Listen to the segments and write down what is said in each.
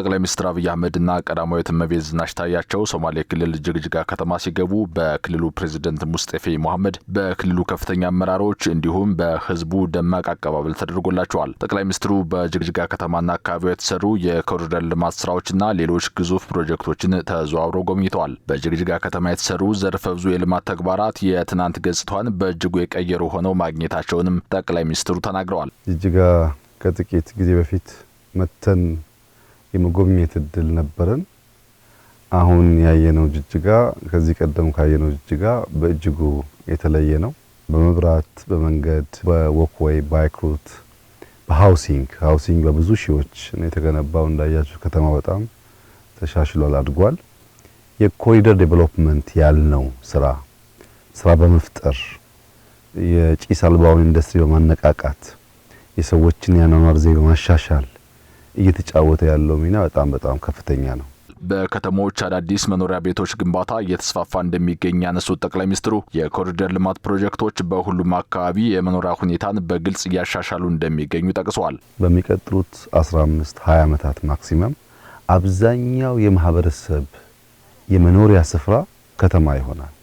ጠቅላይ ሚኒስትር አብይ አህመድና ቀዳማዊት እመቤት ዝናሽ ታያቸው ሶማሌ ክልል ጅግጅጋ ከተማ ሲገቡ በክልሉ ፕሬዚደንት ሙስጤፌ ሞሐመድ በክልሉ ከፍተኛ አመራሮች እንዲሁም በህዝቡ ደማቅ አቀባበል ተደርጎላቸዋል። ጠቅላይ ሚኒስትሩ በጅግጅጋ ከተማና አካባቢው የተሰሩ የኮሪደር ልማት ስራዎችና ሌሎች ግዙፍ ፕሮጀክቶችን ተዘዋውረው ጎብኝተዋል። በጅግጅጋ ከተማ የተሰሩ ዘርፈ ብዙ የልማት ተግባራት የትናንት ገጽታዋን በእጅጉ የቀየሩ ሆነው ማግኘታቸውንም ጠቅላይ ሚኒስትሩ ተናግረዋል። ጅግጅጋ ከጥቂት ጊዜ በፊት መተን የመጎብኘት እድል ነበረን። አሁን ያየነው ጅጅጋ ከዚህ ቀደም ካየነው ጅጅጋ በእጅጉ የተለየ ነው። በመብራት፣ በመንገድ፣ በወክወይ ባይክሩት፣ በሃውሲንግ ሃውሲንግ በብዙ ሺዎች ነው የተገነባው። እንዳያችሁ ከተማ በጣም ተሻሽሏል፣ አድጓል። የኮሪደር ዴቨሎፕመንት ያልነው ስራ ስራ በመፍጠር የጭስ አልባውን ኢንዱስትሪ በማነቃቃት የሰዎችን የአኗኗር ዘይቤ በማሻሻል እየተጫወተ ያለው ሚና በጣም በጣም ከፍተኛ ነው። በከተሞች አዳዲስ መኖሪያ ቤቶች ግንባታ እየተስፋፋ እንደሚገኝ ያነሱት ጠቅላይ ሚኒስትሩ የኮሪደር ልማት ፕሮጀክቶች በሁሉም አካባቢ የመኖሪያ ሁኔታን በግልጽ እያሻሻሉ እንደሚገኙ ጠቅሰዋል። በሚቀጥሉት 15 20 ዓመታት ማክሲመም አብዛኛው የማህበረሰብ የመኖሪያ ስፍራ ከተማ ይሆናል።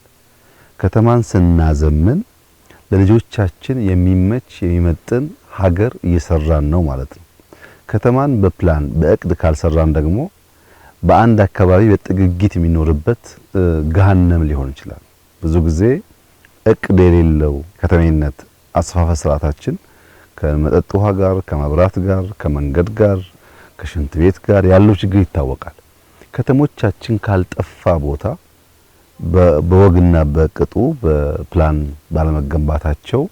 ከተማን ስናዘምን ለልጆቻችን የሚመች የሚመጥን ሀገር እየሰራን ነው ማለት ነው። ከተማን በፕላን በእቅድ ካልሰራን ደግሞ በአንድ አካባቢ በጥግጊት የሚኖርበት ገሃነም ሊሆን ይችላል። ብዙ ጊዜ እቅድ የሌለው ከተሜነት አስፋፋ ስርዓታችን ከመጠጥ ውሃ ጋር፣ ከመብራት ጋር፣ ከመንገድ ጋር፣ ከሽንት ቤት ጋር ያለው ችግር ይታወቃል። ከተሞቻችን ካልጠፋ ቦታ በወግና በቅጡ በፕላን ባለመገንባታቸው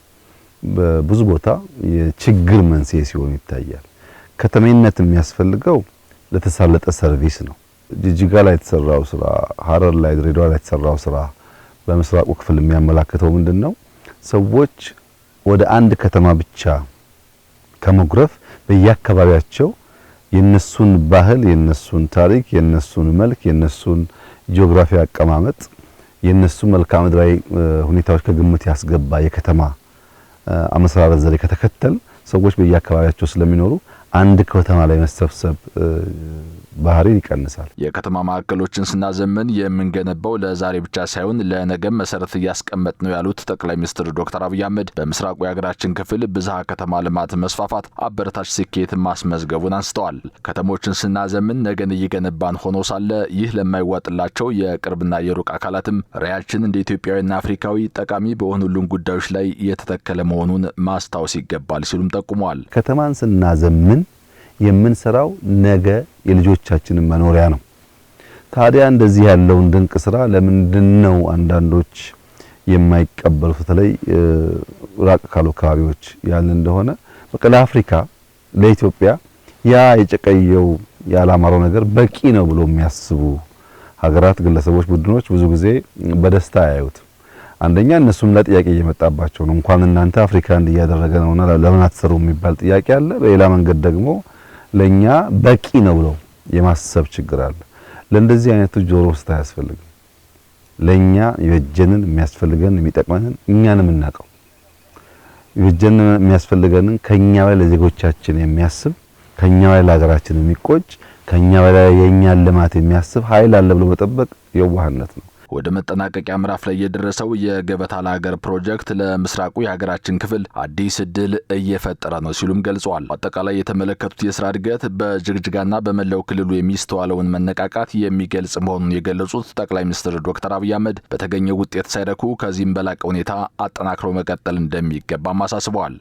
በብዙ ቦታ የችግር መንስኤ ሲሆን ይታያል። ከተሜነት የሚያስፈልገው ለተሳለጠ ሰርቪስ ነው። ጅጅጋ ላይ የተሰራው ስራ፣ ሀረር ላይ፣ ድሬዳዋ ላይ የተሰራው ስራ በምስራቁ ክፍል የሚያመላክተው ምንድን ነው? ሰዎች ወደ አንድ ከተማ ብቻ ከመጉረፍ በየአካባቢያቸው የነሱን ባህል፣ የነሱን ታሪክ፣ የነሱን መልክ፣ የነሱን ጂኦግራፊ አቀማመጥ፣ የነሱ መልክዓ ምድራዊ ሁኔታዎች ከግምት ያስገባ የከተማ አመሰራረት ዘዴ ከተከተል ሰዎች በየአካባቢያቸው ስለሚኖሩ አንድ ከተማ ላይ መሰብሰብ ባህሪ ይቀንሳል። የከተማ ማዕከሎችን ስናዘምን የምንገነባው ለዛሬ ብቻ ሳይሆን ለነገም መሰረት እያስቀመጥ ነው ያሉት ጠቅላይ ሚኒስትር ዶክተር አብይ አህመድ በምስራቁ የሀገራችን ክፍል ብዝሃ ከተማ ልማት መስፋፋት አበረታች ስኬት ማስመዝገቡን አንስተዋል። ከተሞችን ስናዘምን ነገን እየገነባን ሆኖ ሳለ ይህ ለማይዋጥላቸው የቅርብና የሩቅ አካላትም ራዕያችን እንደ ኢትዮጵያዊና አፍሪካዊ ጠቃሚ በሆኑልን ጉዳዮች ላይ የተተከለ መሆኑን ማስታወስ ይገባል ሲሉም ጠቁመዋል። ከተማን ስናዘምን የምንሰራው ነገ የልጆቻችንን መኖሪያ ነው። ታዲያ እንደዚህ ያለውን ድንቅ ስራ ለምንድን ነው አንዳንዶች የማይቀበሉት? በተለይ ራቅ ካሉ አካባቢዎች ያለ እንደሆነ በቃ ለአፍሪካ ለኢትዮጵያ ያ የጨቀየው ያላማረው ነገር በቂ ነው ብሎ የሚያስቡ ሀገራት፣ ግለሰቦች፣ ቡድኖች ብዙ ጊዜ በደስታ ያዩት። አንደኛ እነሱም ለጥያቄ እየመጣባቸው ነው። እንኳን እናንተ አፍሪካ እንዲያደረገ ነውና ለምን አትሰሩ የሚባል ጥያቄ አለ። በሌላ መንገድ ደግሞ ለኛ በቂ ነው ብለው የማሰብ ችግር አለ። ለእንደዚህ አይነቱ ጆሮ ውስጥ አያስፈልግም። ለኛ ይበጀንን የሚያስፈልገን የሚጠቅመንን እኛን የምናውቀው ይበጀንን የሚያስፈልገንን ከኛ በላይ ለዜጎቻችን የሚያስብ ከኛ በላይ ለሀገራችን የሚቆጭ ከኛ በላይ የእኛን ልማት የሚያስብ ኃይል አለ ብሎ መጠበቅ የዋህነት ነው። ወደ መጠናቀቂያ ምዕራፍ ላይ የደረሰው የገበታ ለሀገር ፕሮጀክት ለምስራቁ የሀገራችን ክፍል አዲስ እድል እየፈጠረ ነው ሲሉም ገልጸዋል። አጠቃላይ የተመለከቱት የስራ እድገት በጅግጅጋና በመላው ክልሉ የሚስተዋለውን መነቃቃት የሚገልጽ መሆኑን የገለጹት ጠቅላይ ሚኒስትር ዶክተር አብይ አህመድ በተገኘው ውጤት ሳይረኩ ከዚህም በላቀ ሁኔታ አጠናክሮ መቀጠል እንደሚገባም አሳስበዋል።